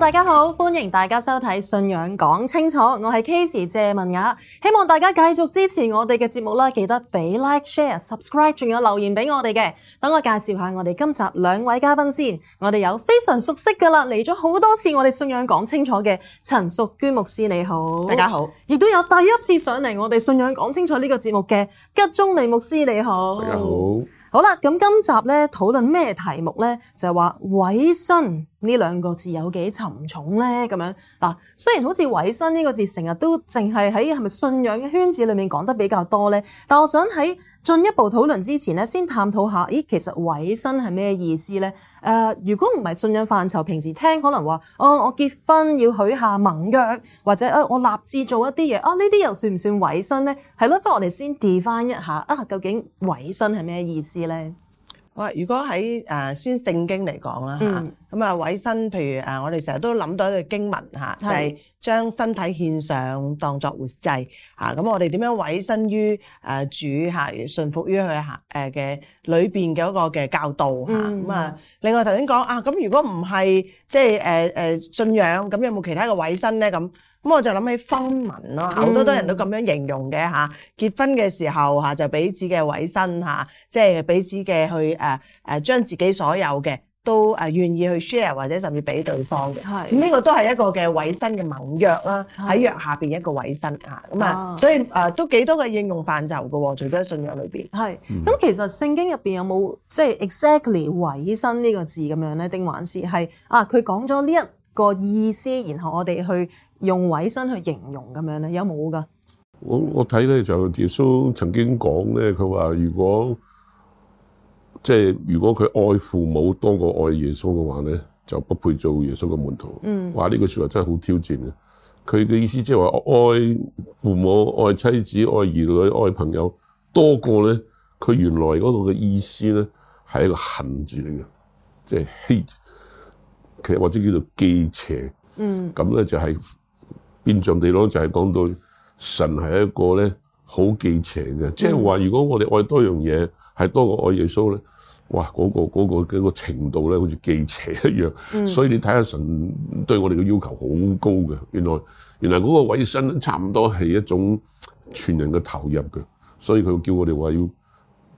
大家好，歡迎大家收睇《信仰講清楚》，我係 Casey 謝文雅，希望大家繼續支持我哋嘅節目啦，記得俾 Like、Share、Subscribe，仲有留言俾我哋嘅。等我介紹下我哋今集兩位嘉賓先，我哋有非常熟悉㗎喇，嚟咗好多次我哋《信仰講清楚》嘅陳淑娟牧師。你好，大家好。亦都有第一次上嚟我哋《信仰講清楚》呢個節目嘅吉中尼牧師，你好，大家好。好啦，咁今集呢討論咩題目呢？就係話委身。呢兩個字有幾沉重呢？咁樣嗱，雖然好似委身呢個字成日都淨係喺係咪信仰嘅圈子裏面講得比較多呢，但我想喺進一步討論之前咧，先探討下，咦，其實委身係咩意思呢？誒、呃，如果唔係信仰範疇，平時聽可能話，哦，我結婚要許下盟約，或者啊、哦，我立志做一啲嘢，啊、哦，呢啲又算唔算委身呢？係咯，不如我哋先 define 一下，啊，究竟委身係咩意思呢？如果喺誒先聖經嚟講啦嚇，咁啊委身，譬如誒，我哋成日都諗到一個經文嚇，嗯、就係、是。將身體獻上當作活祭，嚇、啊、咁我哋點樣委身於誒、呃、主嚇、啊，順服於佢嚇誒嘅裏邊嘅一個嘅教導嚇，咁啊，啊。另外頭先講啊，咁如果唔係即係誒誒信仰，咁有冇其他嘅委身咧？咁咁我就諗起婚文咯，好多多人都咁樣形容嘅嚇、啊。結婚嘅時候嚇、啊、就彼此嘅委身嚇，即係彼此嘅去誒誒、啊啊、將自己所有嘅。都誒願意去 share 或者甚至俾對方嘅，咁呢是個都係一個嘅委身嘅盟約啦，喺約是下邊一個委身啊，咁啊，所以誒都幾多嘅應用範疇嘅喎，除咗喺信仰裏邊。係，咁其實聖經入邊有冇即係 exactly 委身呢個字咁樣咧？定還是，是？係啊，佢講咗呢一個意思，然後我哋去用委身去形容咁樣咧，有冇噶？我我睇咧就耶穌曾經講咧，佢話如果。即係如果佢愛父母多過愛耶穌嘅話咧，就不配做耶穌嘅門徒。嗯，話呢、這個說話真係好挑戰嘅。佢嘅意思即係話愛父母、愛妻子、愛兒女、愛朋友多過咧，佢原來嗰度嘅意思咧係一個恨字嚟嘅，即係 hate，其實或者叫做忌邪。嗯。咁咧就係變相地講，就係講到神係一個咧好忌邪嘅，即係話如果我哋愛多樣嘢係多過愛耶穌咧。哇！嗰、那個嗰、那個、程度咧，好似忌邪一樣，嗯、所以你睇下神對我哋嘅要求好高嘅。原來原來嗰個委身差唔多係一種全人嘅投入嘅，所以佢叫我哋話要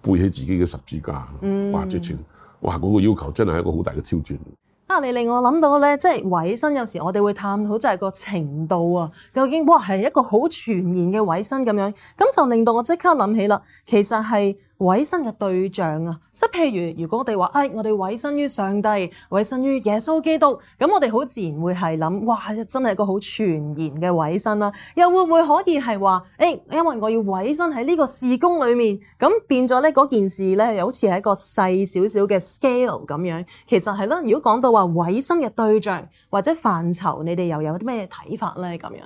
背起自己嘅十字架。嗯，哇！直情哇！嗰個要求真係一個好大嘅挑戰。啊、嗯！嗯那個、你令我諗到咧，即係委身有時我哋會探討，好就係個程度啊，究竟哇係一個好全然嘅委身咁樣，咁就令到我即刻諗起啦，其實係。委身嘅對象啊，即譬如，如果我哋話誒，我哋委身於上帝，委身於耶穌基督，咁我哋好自然會係諗，哇，真係一個好全然嘅委身啦。又會唔會可以係話，誒、哎，因為我要委身喺呢個事工裏面，咁變咗咧嗰件事咧，又好似係一個細少少嘅 scale 咁樣。其實係啦，如果講到話委身嘅對象或者範疇，你哋又有啲咩睇法咧咁樣？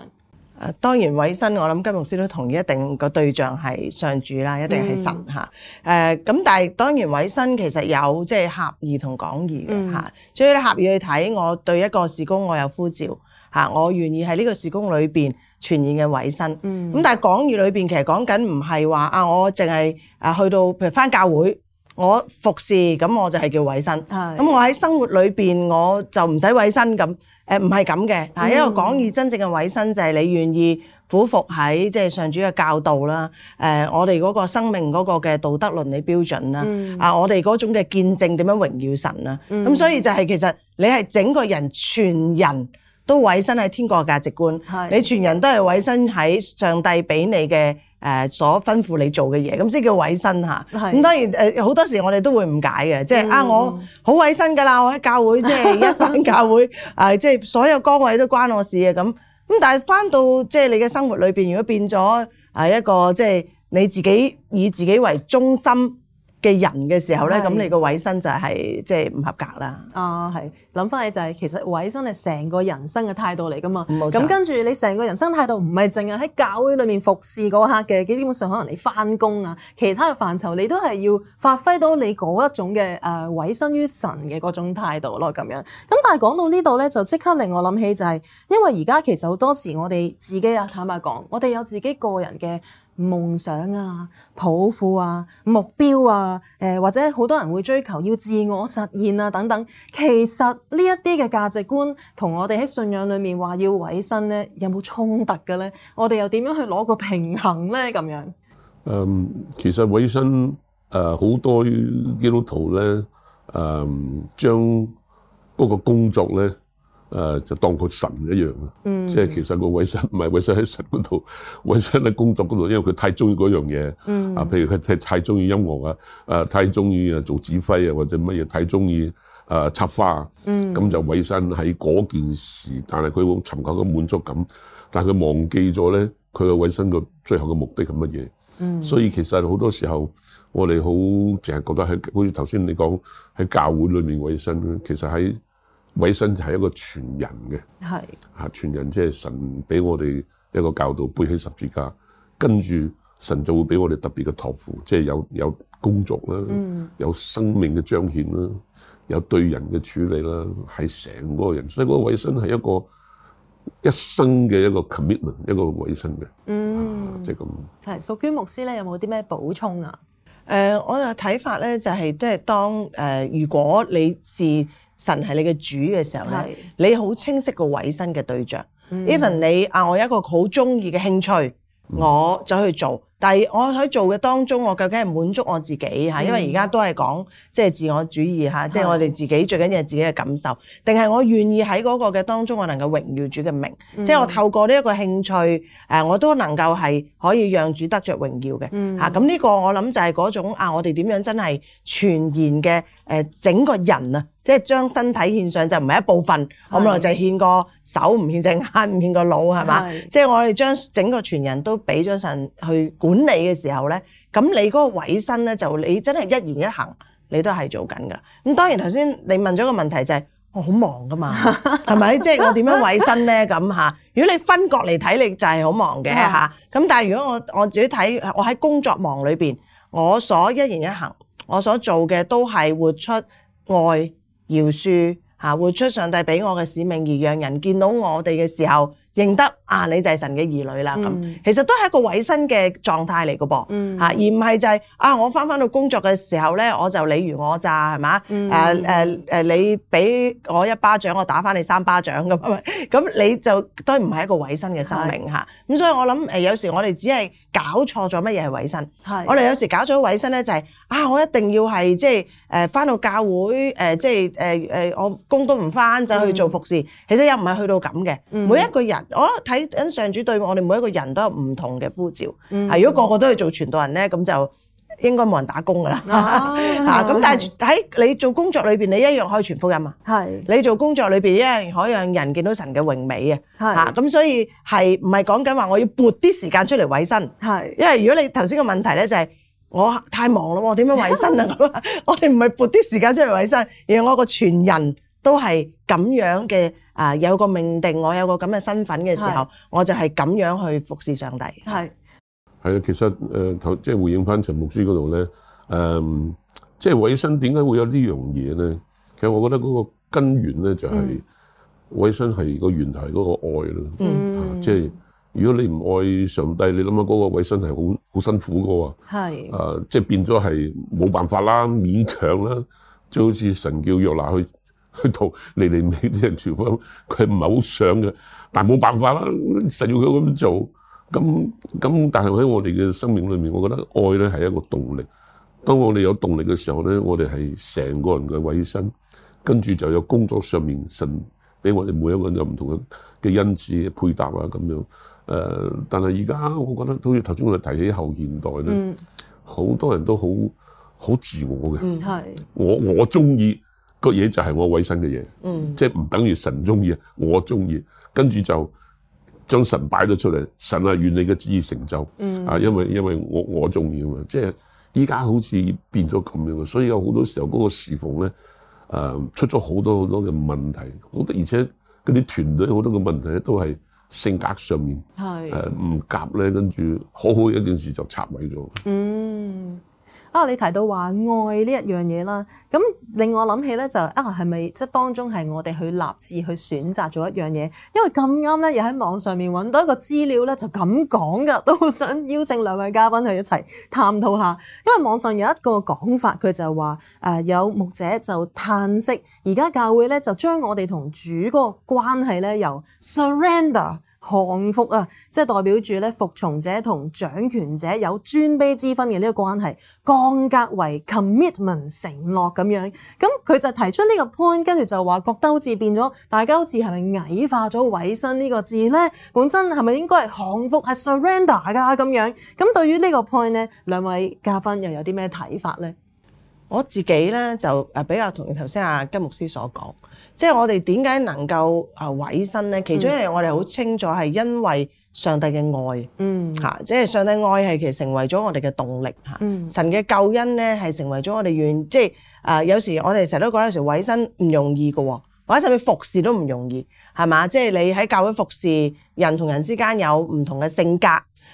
誒，當然委身，我諗金牧師都同意一，一定個對象係上主啦，一定係神嚇。誒咁、啊，但係當然委身其實有即係狹義同廣義嘅嚇、嗯啊。所以咧，狹義去睇，我對一個事工我有呼召嚇、啊，我願意喺呢個事工裏邊傳染嘅委身。咁、嗯、但係廣義裏邊其實講緊唔係話啊，我淨係啊去到譬如返教會。我服侍，咁我就係叫委身，咁是我喺生活裏邊我就唔使委身咁，誒唔係咁嘅，一個講義真正嘅委身就係你願意俯伏喺即係上主嘅教導啦，誒、呃、我哋嗰個生命嗰個嘅道德倫理標準啦，嗯、啊我哋嗰種嘅見證點樣榮耀神啦，咁、嗯、所以就係其實你係整個人全人。都委身喺天國嘅價值觀，是你全人都係委身喺上帝俾你嘅誒所吩咐你做嘅嘢，咁先叫委身吓。咁是當然誒好、呃、多時我哋都會誤解嘅，即係啊我好委身㗎啦，我喺教會即係一返教會啊，即係所有崗位都關我事啊咁。咁但係返到即係你嘅生活裏邊，如果變咗啊一個即係你自己以自己為中心，嘅人嘅時候咧，咁是你個委身就係即係唔合格啦。啊，係諗翻起就係、是、其實委身係成個人生嘅態度嚟噶嘛。冇錯。咁跟住你成個人生態度唔係淨係喺教會裏面服侍嗰刻嘅，基本上可能你翻工啊，其他嘅範疇你都係要發揮到你嗰一種嘅誒、呃、委身於神嘅嗰種態度咯、啊，咁樣。咁但係講到呢度咧，就即刻令我諗起就係、是，因為而家其實好多時我哋自己啊，坦白講，我哋有自己個人嘅。夢想啊、抱負啊、目標啊，誒、呃、或者好多人會追求要自我實現啊等等。其實呢一啲嘅價值觀同我哋喺信仰裏面話要委身咧，有冇衝突嘅咧？我哋又點樣去攞個平衡咧？咁樣？嗯，其實委身誒好、呃、多基督徒咧，誒、呃、將嗰個工作咧。誒就當佢神一樣啊！嗯、即係其實個委身唔係委身喺神嗰度，委身喺工作嗰度，因為佢太中意嗰樣嘢、嗯、啊！譬如佢太太中意音樂啊，誒太中意啊做指揮啊，或者乜嘢太中意誒插花啊，咁、嗯、就委身喺嗰件事，但係佢會尋求個滿足感，但係佢忘記咗咧，佢嘅委身嘅最後嘅目的係乜嘢？所以其實好多時候，我哋好淨係覺得喺好似頭先你講喺教會裏面委身其實喺。委身就係一個全人嘅，係嚇全人即係神俾我哋一個教導，背起十字架，跟住神就會俾我哋特別嘅託付，即係有，有有工作啦，有生命嘅彰顯啦，有對人嘅處理啦，係成個人，所以嗰個委身係一個一生嘅一個 commitment，一個委身嘅，嗯，即係咁。淑娟牧師咧，有冇啲咩補充啊？呃，我嘅睇法咧就係，即係當誒，如果你是神係你嘅主嘅時候咧，的你好清晰個委身嘅對象。嗯、even 你啊，我有一個好中意嘅興趣，我就去做。但係我喺做嘅當中，我究竟係滿足我自己吓？因為而家都係講即係自我主義吓，嗯、即係我哋自己最緊要係自己嘅感受，定係我願意喺嗰個嘅當中，我能夠榮耀主嘅名，嗯、即係我透過呢一個興趣誒、呃、我都能夠係可以讓主得着榮耀嘅吓。咁、啊、呢、嗯嗯、個我諗就係嗰種啊，我哋點樣真係全然嘅誒整個人啊，即係將身體獻上就唔係一部分，我咪是 就係獻個手，唔獻隻眼，唔獻個腦係嘛？是是即係我哋將整個全人都俾咗神去管管理嘅時候咧，咁你嗰個委身咧，就你真係一言一行，你都係做緊噶。咁當然頭先你問咗個問題就係、是、我好忙噶嘛，係咪？ 即、就、係、是、我點樣委身咧？咁嚇，如果你分角嚟睇，你就係好忙嘅嚇。咁 但係如果我我自己睇，我喺工作忙裏邊，我所一言一行，我所做嘅都係活出愛、饒恕嚇，活出上帝俾我嘅使命，而讓人見到我哋嘅時候認得。啊，你就係神嘅兒女啦咁，其實都係一個委身嘅狀態嚟噶噃嚇，而唔係就係啊，我翻翻到工作嘅時候咧，我就你如我咋係嘛？誒誒誒，你俾我一巴掌，我打翻你三巴掌咁，咁你就都唔係一個委身嘅生命嚇。咁所以我諗誒，有時我哋只係搞錯咗乜嘢係委身。我哋有時搞咗委身咧，就係啊，我一定要係即係誒翻到教會誒，即係誒誒，我工都唔翻，就去做服侍。其實又唔係去到咁嘅，每一個人我喺跟上主對我哋每一個人都有唔同嘅呼召。啊、嗯，如果個個都係做傳道人咧，咁就應該冇人打工噶啦。啊，咁 但係喺你做工作裏邊，你一樣可以傳福音啊。係是，你做工作裏邊一樣可以讓人見到神嘅榮美是啊。係。咁所以係唔係講緊話我要撥啲時間出嚟委身？係是。因為如果你頭先個問題咧、就是，就係我太忙啦，點樣委身啊？咁 我哋唔係撥啲時間出嚟委身，而係我個傳人。都係咁樣嘅啊！有個命定，我有個咁嘅身份嘅時候，是我就係咁樣去服侍上帝。係係啊，其實誒頭即係回應翻陳牧師嗰度咧，誒、呃，即係委身點解會有呢樣嘢咧？其實我覺得嗰個根源咧就係委身係個源頭嗰個愛咯。嗯，即係、啊就是、如果你唔愛上帝，你諗下嗰個委身係好好辛苦噶喎。係是啊，即、就、係、是、變咗係冇辦法啦，勉強啦，就好似神叫約拿去。去同嚟嚟尾啲人做夥，佢唔係好想嘅，但係冇辦法啦，實要佢咁做。咁咁，但係喺我哋嘅生命裏面，我覺得愛咧係一個動力。當我哋有動力嘅時候咧，我哋係成個人嘅委身，跟住就有工作上面神俾我哋每一個人有唔同嘅嘅因子嘅配搭啊咁樣，誒、呃，但係而家我覺得好似頭先我哋提起後現代咧，好、嗯、多人都好好自我嘅的。我我中意。個嘢就係我委身嘅嘢，嗯、即係唔等於神中意，我中意，跟住就將神擺咗出嚟。神啊，願你嘅旨意成就。啊、嗯，因為因為我我中意啊嘛，即係依家好似變咗咁樣，所以有好多時候嗰個侍奉咧，誒、呃、出咗好多好多嘅問題，好，而且嗰啲團隊好多嘅問題咧都係性格上面誒唔夾咧，跟住好好一件事就拆毀咗。嗯啊！你提到話愛呢一樣嘢啦，咁令我諗起咧就啊，係咪即當中係我哋去立志去選擇做一樣嘢？因為咁啱咧，又喺網上面揾到一個資料咧，就咁講㗎，都想邀請兩位嘉賓去一齊探討下。因為網上有一個講法，佢就話、呃、有牧者就嘆息，而家教會咧就將我哋同主嗰個關係咧由 surrender。降服啊，即係代表住咧，服從者同掌權者有尊卑之分嘅呢個關係，降格為 commitment 承諾咁樣。咁佢就提出呢個 point，跟住就話覺得好似變咗，大家好似係咪矮化咗委身呢個字咧？本身係咪應該係降服係 surrender 㗎咁樣？咁對於呢個 point 咧，兩位嘉賓又有啲咩睇法咧？我自己咧就誒比較同意頭先阿金牧師所講，即係我哋點解能夠啊委身咧？其中一樣我哋好清楚係因為上帝嘅愛，嗯嚇，即係上帝愛係其實成為咗我哋嘅動力嚇。神嘅救恩咧係成為咗我哋願，即係啊有時我哋成日都講有時委身唔容易嘅喎，或者甚至服侍都唔容易，係嘛？即係你喺教會服侍，人同人之間有唔同嘅性格，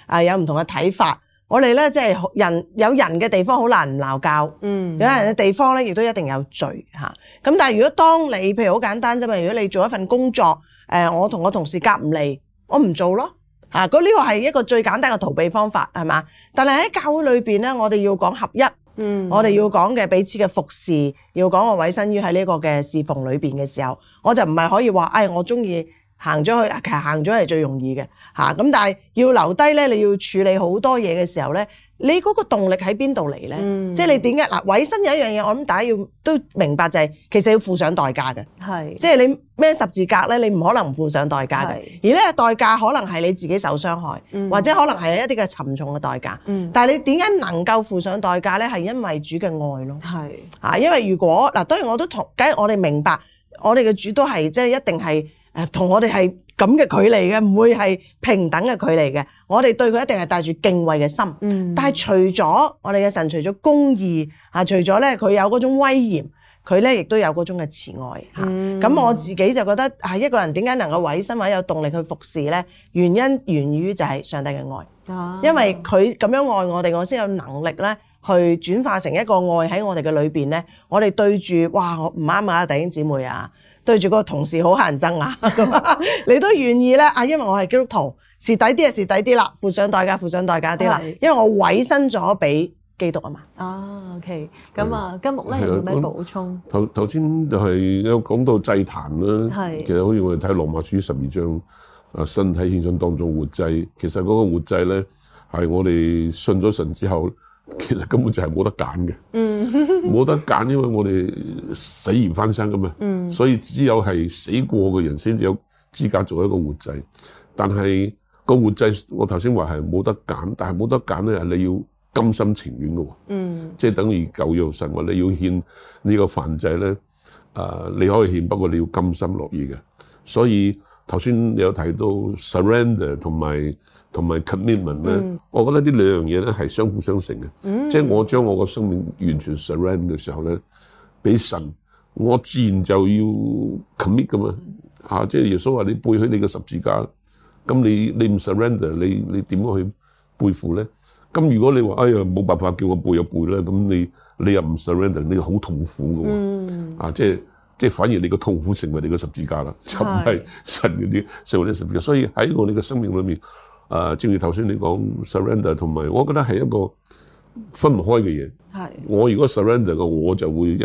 啊有唔同嘅睇法。我哋呢即係人有人嘅地方好難唔鬧交，嗯，有人嘅地方呢、嗯、亦都一定有罪嚇。咁、啊、但係如果當你譬如好簡單啫嘛，如果你做一份工作，誒、呃、我同我同事夾唔嚟，我唔做咯嚇。嗰、啊、呢、這個係一個最簡單嘅逃避方法係嘛？但係喺教會裏面呢，我哋要講合一，嗯，我哋要講嘅彼此嘅服侍，要講我委身於喺呢個嘅侍奉裏面嘅時候，我就唔係可以話，唉、哎、我鍾意。行咗去，其實行咗係最容易嘅嚇。咁但係要留低咧，你要處理好多嘢嘅時候咧，你嗰個動力喺邊度嚟咧？即係你點解嗱委身有一樣嘢，我諗大家要都明白就係其實要付上代價嘅。係即係你孭十字架咧，你唔可能唔付上代價嘅。而呢個代價可能係你自己受傷害，或者可能係一啲嘅沉重嘅代價。但係你點解能夠付上代價咧？係因為主嘅愛咯。係啊，因為如果嗱，當然我都同，梗係我哋明白，我哋嘅主都係即係一定係。同我哋係咁嘅距離嘅，唔會係平等嘅距離嘅。我哋對佢一定係帶住敬畏嘅心。嗯。但係除咗我哋嘅神，除咗公義嚇，除咗咧佢有嗰種威嚴，佢咧亦都有嗰種嘅慈愛嚇。咁、嗯、我自己就覺得係一個人點解能夠委身或者有動力去服侍咧？原因源於就係上帝嘅愛。啊、因為佢咁樣愛我哋，我先有能力咧。去轉化成一個愛喺我哋嘅裏邊咧，我哋對住哇我唔啱啊，弟兄姊妹啊，對住個同事好乞人憎啊， 你都願意咧啊？因為我係基督徒，蝕底啲啊，蝕底啲啦，付上代價，付上代價啲啦，因為我委身咗俾基督啊嘛。啊 OK 咁啊，今日咧有咩補充？頭頭先就係有講到祭壇啦的，其實好似我哋睇《羅馬書》十二章啊，身體獻上當作活祭，其實嗰個活祭咧係我哋信咗神之後。其實根本就係冇得揀嘅，冇 得揀，因為我哋死而翻生㗎嘛， 所以只有係死過嘅人先至有資格做一個活祭。但係個活祭，我頭先話係冇得揀，但係冇得揀咧，你要甘心情願嘅喎，即係 等於舊約神話，你要獻個呢個燔祭咧，啊、呃，你可以獻，不過你要甘心樂意嘅，所以。頭先你有提到 surrender 同埋同埋 commitment 咧、嗯，我覺得呢兩樣嘢咧係相輔相成嘅。嗯、即係我將我個生命完全 surrender 嘅時候咧，俾神，我自然就要 commit 噶嘛。啊，即係耶穌話你背起你個十字架，咁你你唔 surrender，你你點去背負咧？咁如果你話，哎呀，冇辦法叫我背一背就背啦，咁你你又唔 surrender，你好痛苦嘅喎。嗯、啊，即係。即係反而你個痛苦成為你個十字架啦，就唔係神嗰啲成為啲十字架。所以喺我哋嘅生命裏面，誒、呃，正如頭先你講 surrender，同埋我覺得係一個分唔開嘅嘢。係是我如果 surrender 嘅，我就會一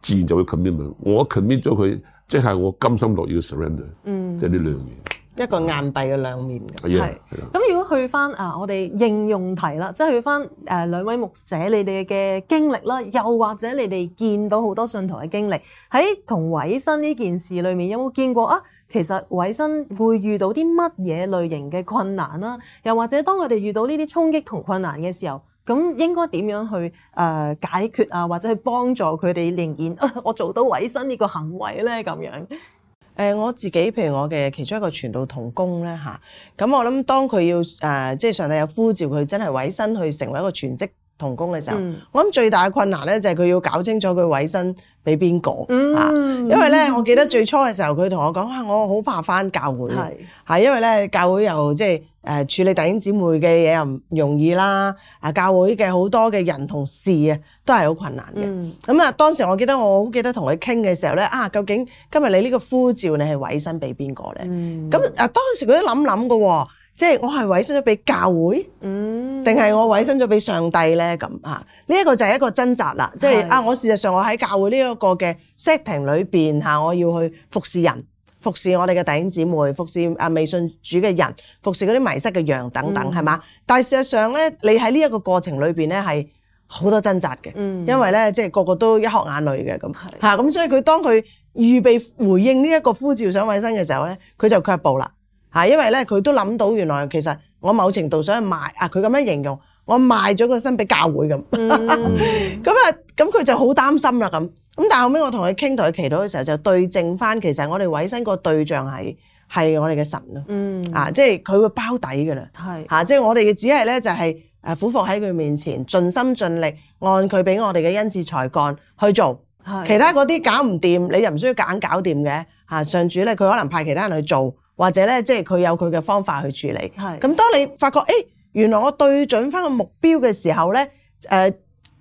自然就會 commitment。我 commit 咗佢，即係我甘心樂意 surrender。嗯，即係呢兩樣嘢。一個硬幣嘅兩面，係 Yeah, yeah.。咁如果去翻啊，我哋應用題啦，即係去翻誒、呃、兩位牧者你哋嘅經歷啦，又或者你哋見到好多信徒嘅經歷，喺同委身呢件事裏面有冇見過啊？其實委身會遇到啲乜嘢類型嘅困難啦、啊？又或者當我哋遇到呢啲衝擊同困難嘅時候，咁應該點樣去誒、呃、解決啊？或者去幫助佢哋令到啊我做到委身呢個行為咧咁樣？誒、呃、我自己，譬如我嘅其中一個傳道同工咧嚇，咁、啊、我諗當佢要誒，即、呃、係、就是、上帝有呼召佢，他真係委身去成為一個全職。同工嘅時候，我諗最大嘅困難咧，就係佢要搞清楚佢委身俾邊個嚇。嗯、因為咧，我記得最初嘅時候，佢同我講啊，我好怕返教會，係是因為咧，教會又即係誒處理弟兄姊妹嘅嘢又唔容易啦。啊，教會嘅好多嘅人同事啊，都係好困難嘅。咁啊、嗯，當時我記得我好記得同佢傾嘅時候咧，啊，究竟今日你呢個呼召你係委身俾邊個咧？咁啊、嗯，當時佢都諗諗㗎喎。即係我係委身咗俾教會，定係我委身咗俾上帝咧？咁嚇呢一個就係一個掙扎啦。即係是啊，我事實上我喺教會呢一個嘅 setting 裏邊嚇、啊，我要去服侍人，服侍我哋嘅弟兄姊妹，服侍啊未信主嘅人，服侍嗰啲迷失嘅羊等等係嘛、嗯？但係事實上咧，你喺呢一個過程裏邊咧係好多掙扎嘅，因為咧即係個個都一殼眼淚嘅咁嚇咁，所以佢當佢預備回應呢一個呼召想委身嘅時候咧，佢就卻步啦。嚇，因為咧佢都諗到，原來其實我某程度想賣啊，佢咁樣形容，我賣咗個身俾教會咁。咁啊、嗯，咁佢 就好擔心啦咁。咁但後尾我同佢傾同佢祈禱嘅時候，就對正翻，其實我哋委身個對象係係我哋嘅神咯。嗯，啊，即係佢會包底噶啦。係嚇是、啊，即係我哋只係咧就係誒俯伏喺佢面前，盡心盡力按佢俾我哋嘅恩賜才幹去做。是其他嗰啲搞唔掂，你又唔需要夾硬搞掂嘅嚇。上主咧，佢可能派其他人去做。或者咧，即係佢有佢嘅方法去處理。係。咁當你發覺，誒、哎、原來我對準翻個目標嘅時候咧，誒、呃、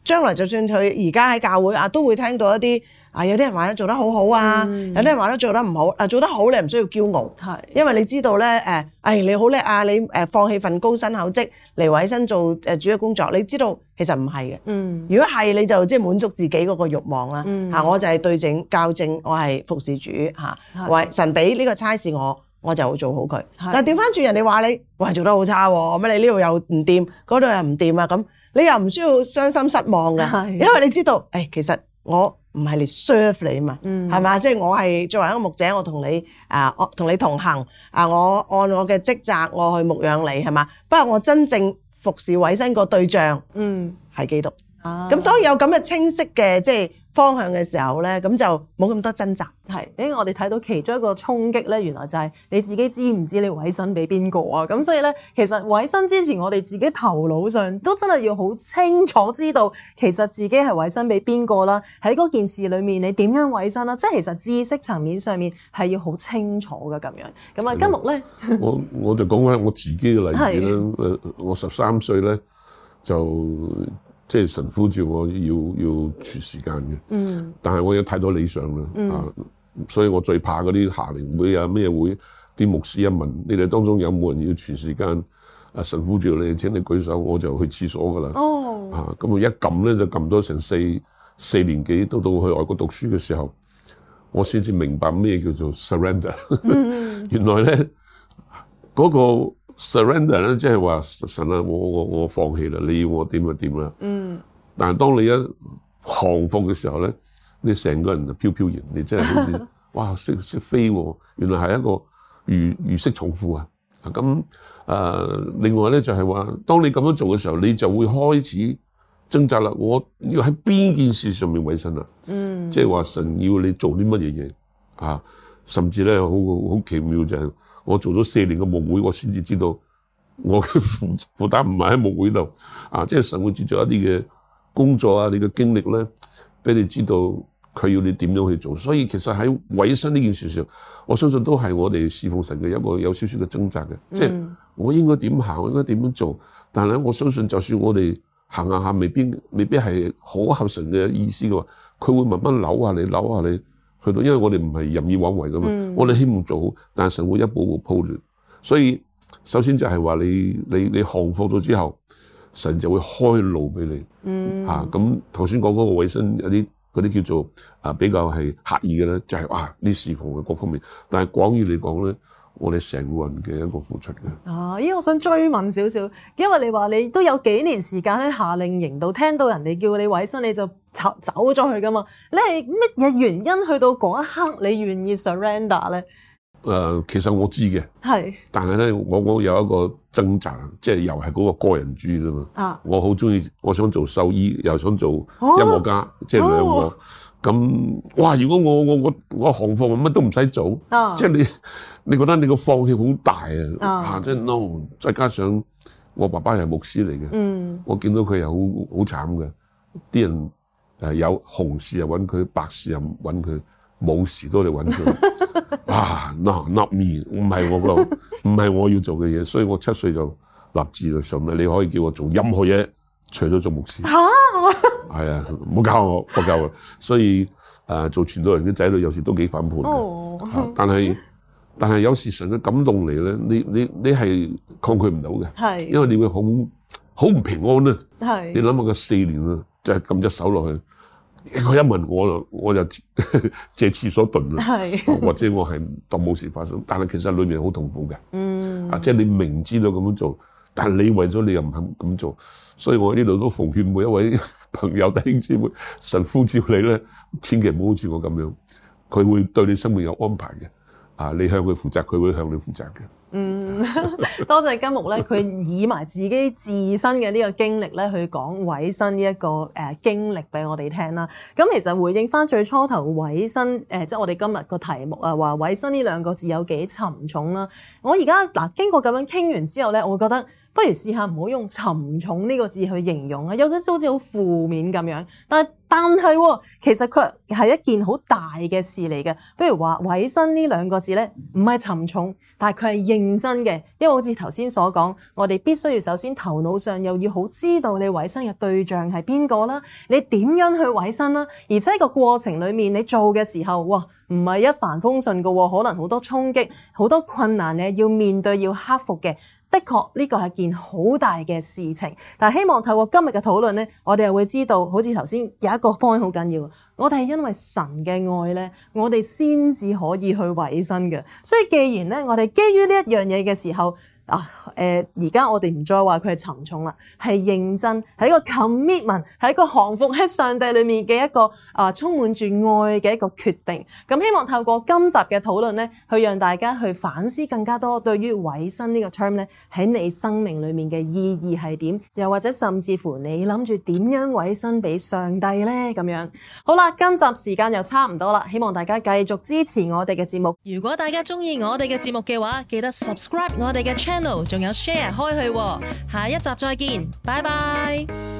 將來就算佢而家喺教會啊，都會聽到一啲啊有啲人話咧做得好好啊，嗯、有啲人話咧做得唔好啊，做得好你唔需要驕傲。係。是的 因為你知道咧，誒、哎，誒你好叻啊，你誒放棄份高薪厚職嚟委身做誒主要工作，你知道其實唔係嘅。嗯。如果係你就即係滿足自己嗰個慾望啦、啊。嗯。嚇，我就係對正校正，我係服侍主嚇，為神俾呢個差事我。我就會做好佢，但調翻轉人哋話你，哇，做得好差，咩你呢度又唔掂，嗰度又唔掂啊！咁你、啊、你又唔需要傷心失望噶、啊，是因為你知道，誒、哎、其實我唔係嚟 serve 你嘛，係嘛、嗯，即係、就是、我係作為一個牧者，我同你啊，我同你同行啊，我按我嘅職責我去牧養你係嘛，不過我真正服侍委身個對象，嗯，係基督。嗯咁、啊、當有咁嘅清晰嘅即係方向嘅時候咧，咁就冇咁多掙扎。係，因為，我哋睇到其中一個衝擊咧，原來就係你自己知唔知你委身俾邊個啊？咁所以咧，其實委身之前，我哋自己頭腦上都真係要好清楚知道，其實自己係委身俾邊個啦。喺嗰件事裏面，你點樣委身啦？即係其實知識層面上面係要好清楚嘅咁樣。咁啊的，今日咧，我我就講翻我自己嘅例子啦。的我十三歲咧就。即係神呼召我要要全時間嘅，但係我有太多理想啦，mm. 啊，所以我最怕嗰啲夏令會啊咩會，啲牧師一問你哋當中有冇人要全時間啊，神呼召你，請你舉手，我就去廁所噶啦，oh. 啊，咁我一撳咧就撳咗成四四年幾，都到去外國讀書嘅時候，我先至明白咩叫做 surrender。mm. 原來咧嗰、那個。Surrender 咧，即係話神啊，我我我放棄啦，你要我點就點啦。嗯。Mm. 但係當你一降服嘅時候咧，你成個人就飄飄然，你真係好似哇識識飛，啊，原來係一個如如釋重負啊。咁誒、呃，另外咧就係話，當你咁樣做嘅時候，你就會開始掙扎啦。我要喺邊件事上面委身啊？嗯、mm.。即係話神要你做啲乜嘢嘢啊？甚至咧好好奇妙就係。我做咗四年嘅牧會，我先至知道我嘅負負擔唔係喺牧會度，啊，即係神會接咗一啲嘅工作啊，你嘅經歷咧，俾你知道佢要你點樣去做。所以其實喺委身呢件事上，我相信都係我哋侍奉神嘅一個有少少嘅掙扎嘅，即係我應該點行，我應該點樣做。但係咧我相信，就算我哋行下下，未必未必係好合神嘅意思嘅，佢會慢慢扭下你，扭下你。去到，因為我哋唔係任意妄為噶嘛，嗯、我哋希望做好，但係神會一步一步鋪攣。所以首先就係話你你你降服咗之後，神就會開路俾你。嗯、啊，嚇咁頭先講嗰個衞生有啲啲叫做啊，比較係刻意嘅咧，就係話呢視乎嘅各方面，但係廣義嚟講咧。我哋成個人嘅一個付出嘅。啊，依家我想追問少少，因為你話你都有幾年時間喺夏令營度聽到人哋叫你委身，你就走走咗去噶嘛？你係乜嘢原因去到嗰一刻你願，你願意 surrender 咧？誒、呃，其實我知嘅，是但係咧，我我有一個掙扎，即係又係嗰個個人主義啫嘛。我好中意，我想做獸醫，又想做音樂家，啊、即係兩個。咁哇，如果我我我我行貨，乜都唔使做，啊、即係你，你覺得你個放棄好大啊？嚇、啊，即 no，再加上我爸爸係牧師嚟嘅，嗯、我見到佢又好好慘嘅，啲人誒有紅事又揾佢，白事又揾佢。冇事都嚟揾佢，哇、啊！嗱 no，not me 唔係我嘅，唔係我要做嘅嘢，所以我七歲就立志就順啦。你可以叫我做任何嘢，除咗做牧師。嚇！係啊，唔好、哎、教我，我教我。所以誒、啊，做傳道人啲仔女有時都幾反叛嘅、啊。但係但係有時神嘅感動嚟咧，你你你係抗拒唔到嘅。係，因為你會好好唔平安啊。係的。你諗下個四年啊，就係咁隻手落去。我一問我就我就 借廁所遁啦， 或者我係當冇事發生。但係其實裡面好痛苦嘅，啊， 即係你明知道咁樣做，但係你為咗你又唔肯咁做。所以我呢度都奉勸每一位朋友弟兄姊妹，神呼召你咧，千祈唔好好似我咁樣，佢會對你生命有安排嘅。啊，你向佢負責，佢會向你負責嘅。嗯，多謝金木咧，佢以埋自己自身嘅呢個經歷咧，去講委身呢一個誒、呃、經歷俾我哋聽啦。咁其實回應翻最初頭委身誒，即係我哋今日個題目啊，話委身呢兩個字有幾沉重啦。我而家嗱經過咁樣傾完之後咧，我會覺得。不如試下唔好用沉重呢個字去形容啊，有陣時好似好負面咁樣。但係，但係，哦，其實佢係一件好大嘅事嚟嘅。不如話委身呢兩個字咧，唔係沉重，但係佢係認真嘅。因為好似頭先所講，我哋必須要首先頭腦上又要好知道你委身嘅對象係邊個啦，你點樣去委身啦，而且個過程裡面你做嘅時候，哇，唔係一帆風順嘅，可能好多衝擊，好多困難你要面對，要克服嘅。的確，呢個係件好大嘅事情，但係希望透過今日嘅討論呢，我哋又會知道，好似頭先有一個 point 好緊要，我哋係因為神嘅愛呢，我哋先至可以去委身嘅。所以既然呢，我哋基於呢一樣嘢嘅時候。啊！誒、呃，而家我哋唔再話佢係沉重啦，係認真，係一個 commitment，係一個降服喺上帝裏面嘅一個啊，充滿住愛嘅一個決定。咁、嗯、希望透過今集嘅討論呢，去讓大家去反思更加多對於委身呢個 term 咧，喺你生命裏面嘅意義係點？又或者甚至乎你諗住點樣委身俾上帝呢。咁樣好啦，今集時間又差唔多啦，希望大家繼續支持我哋嘅節目。如果大家中意我哋嘅節目嘅話，記得 subscribe 我哋嘅 channel。仲有 share 開去喎，下一集再見，拜拜。